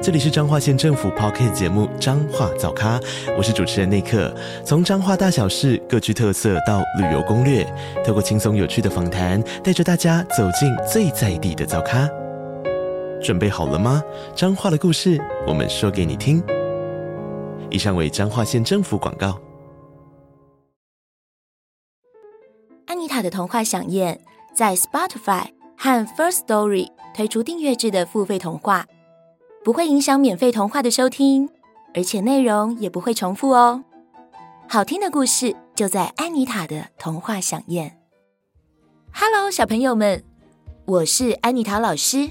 這裡是彰化縣政府 Podcast 節目《彰化早咖》，我是主持人內克。從彰化大小事各具特色到旅遊攻略，透過輕鬆有趣的訪談，帶着大家走進最在地的早咖。準備好了嗎？彰化的故事，我們說給你聽。以上為彰化縣政府廣告。安妮塔的童話饗宴在 Spotify 和 First Story 推出訂閱制的付費童話。不會影響免費童話的收聽，而且內容也不會重複哦。好聽的故事就在安妮塔的童話饗宴。Hello，小朋友們，我是安妮塔老師。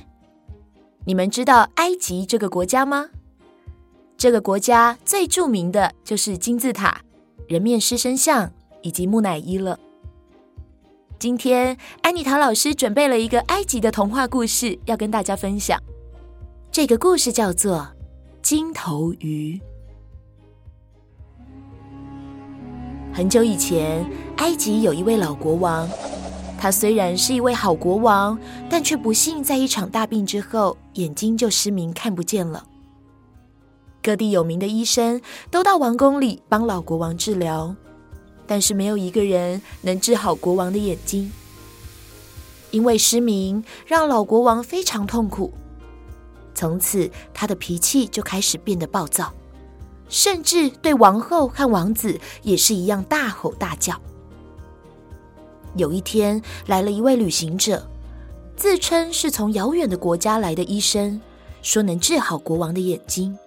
你們知道埃及這個國家嗎？這個國家最著名的就是金字塔、人面獅身像以及木乃伊了。今天，安妮塔老師準備了一個埃及的童話故事要跟大家分享。這個故事叫做《金頭魚》。很久以前，埃及有一位老國王。他雖然是一位好國王，但卻不幸在一場大病之後，眼睛就失明，看不見了。各地有名的醫生都到王宮裡幫老國王治療，但是沒有一個人能治好國王的眼睛。因為失明，讓老國王非常痛苦。從此，他的脾氣就開始變得暴躁，甚至對王后和王子也是一樣大吼大叫。有一天，來了一位旅行者，自稱是從遙遠的國家來的醫生，說能治好國王的眼睛。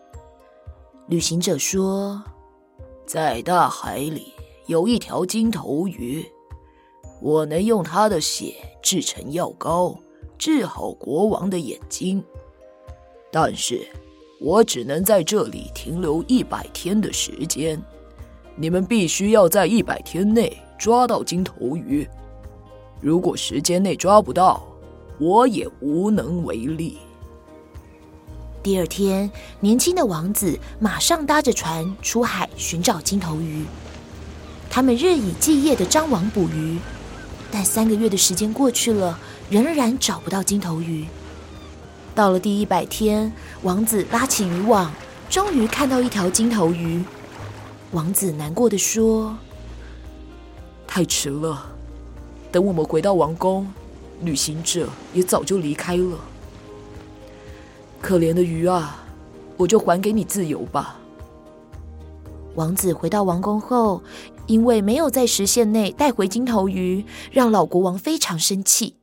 旅行者說，在大海裡有一條金頭魚，我能用它的血製成藥膏，治好國王的眼睛。但是，我只能在這裡停留一百天的時間，你們必須要在一百天內抓到金頭魚。如果時間內抓不到，我也無能為力。第二天，年輕的王子馬上搭着船出海尋找金頭魚。他們日以繼夜的張網捕魚，但三個月的時間過去了，仍然找不到金頭魚。到了第一百天，王子拉起漁網，終於看到一條金頭魚。王子難過地說：“太遲了，等我們回到王宮，旅行者也早就離開了。可憐的魚啊，我就還給你自由吧。”王子回到王宮後，因為沒有在時限內帶回金頭魚，讓老國王非常生氣，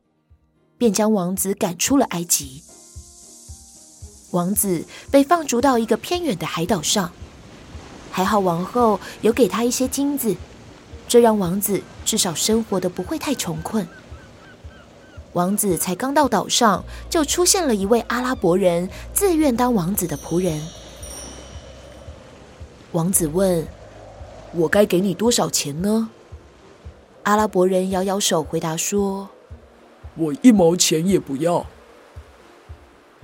便將王子趕出了埃及。王子被放逐到一個偏遠的海島上，還好王后有給他一些金子，這讓王子至少生活的不會太窮困。王子才剛到島上，就出現了一位阿拉伯人，自願當王子的僕人。王子問：“我該給你多少錢呢？”阿拉伯人搖搖手，回答說：“我一毛錢也不要。”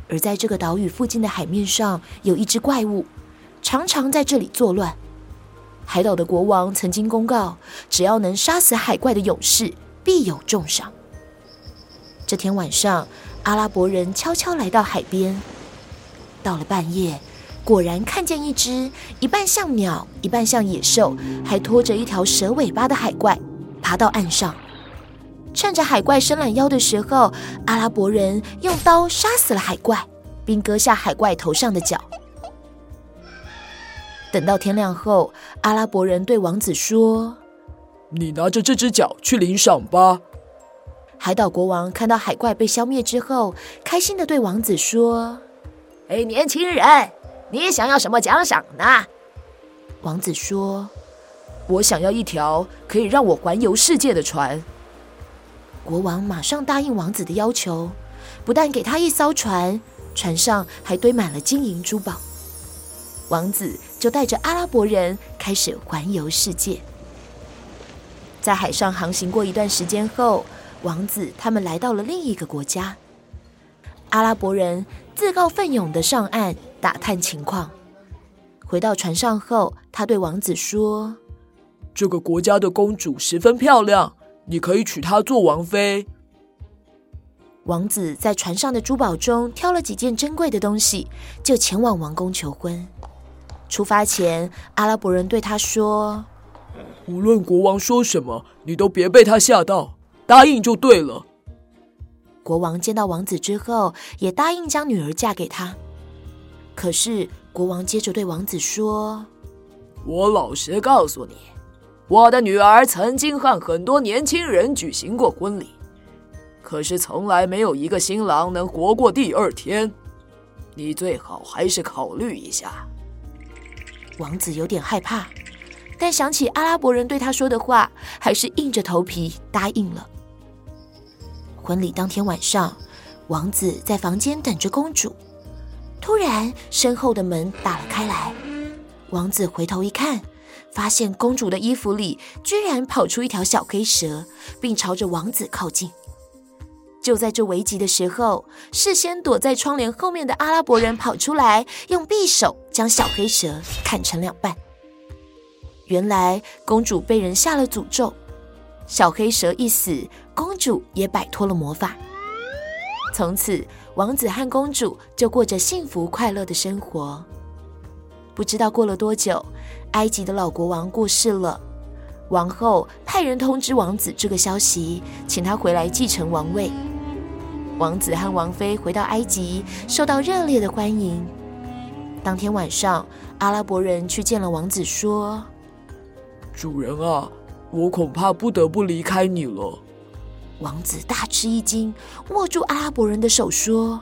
而在這個島嶼附近的海面上，有一隻怪物，常常在這裡作亂。海島的國王曾經公告，只要能殺死海怪的勇士，必有重賞。這天晚上，阿拉伯人悄悄來到海邊。到了半夜，果然看見一隻一半像鳥、一半像野獸、還拖着一條蛇尾巴的海怪爬到岸上。趁着海怪伸懶腰的時候，阿拉伯人用刀殺死了海怪，並割下海怪頭上的角。等到天亮後，阿拉伯人對王子說：“你拿着這隻角去領賞吧。”海島國王看到海怪被消滅之後，開心地對王子說：“哎，年輕人，你想要什麼獎賞呢？”王子說：“我想要一條可以讓我環遊世界的船。”國王馬上答應王子的要求，不但給他一艘船，船上還堆滿了金銀珠寶。王子就帶着阿拉伯人開始環遊世界。在海上航行過一段時間後，王子他們來到了另一個國家。阿拉伯人自告奮勇的上岸打探情況。回到船上後，他對王子說：“這個國家的公主十分漂亮。”你可以娶她做王妃。王子在船上的珠寶中挑了幾件珍貴的東西，就前往王宮求婚。出發前，阿拉伯人對他說：“無論國王說什麼，你都別被他嚇到，答應就對了。”國王見到王子之後，也答應將女兒嫁給他。可是，國王接着對王子說：“我老實告訴你。”我的女兒曾經和很多年輕人舉行過婚禮，可是從來沒有一個新郎能活過第二天。你最好還是考慮一下。王子有點害怕，但想起阿拉伯人對他說的話，還是硬着頭皮答應了。婚禮當天晚上，王子在房間等着公主。突然，身後的門打了開來，王子回頭一看。發現公主的衣服裡居然跑出一條小黑蛇，並朝着王子靠近。就在這危急的時候，事先躲在窗簾後面的阿拉伯人跑出來，用匕首將小黑蛇砍成兩半。原來公主被人下了詛咒，小黑蛇一死，公主也擺脫了魔法。從此，王子和公主就過着幸福快樂的生活。不知道過了多久。埃及的老國王過世了，王后派人通知王子這個消息，請他回來繼承王位。王子和王妃回到埃及，受到熱烈的歡迎。當天晚上，阿拉伯人去見了王子，說：“主人啊，我恐怕不得不離開你了。”王子大吃一驚，握住阿拉伯人的手說：“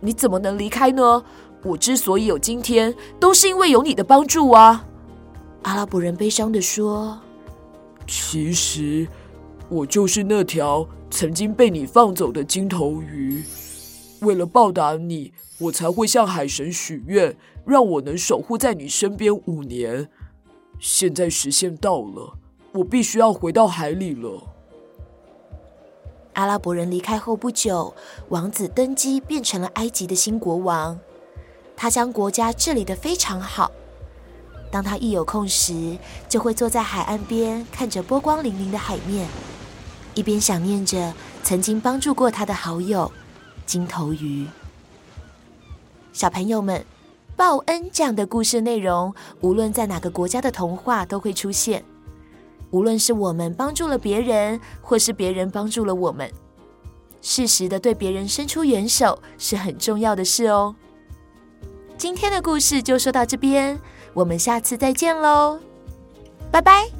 你怎麼能離開呢？我之所以有今天，都是因為有你的幫助啊！”阿拉伯人悲傷地說：“其實，我就是那條曾經被你放走的金頭魚。為了報答你，我才會向海神許願，讓我能守護在你身邊五年。現在時限到了，我必須要回到海裡了。”阿拉伯人離開後不久，王子登基，變成了埃及的新國王。他將國家治理得非常好。當他一有空時，就會坐在海岸邊，看着波光粼粼的海面，一邊想念着曾經幫助過他的好友——金頭魚。小朋友們，報恩這樣的故事內容，無論在哪個國家的童話都會出現。無論是我們幫助了別人，或是別人幫助了我們，適時的對別人伸出援手是很重要的事哦。今天的故事就說到這邊。我們下次再見嘍，拜拜。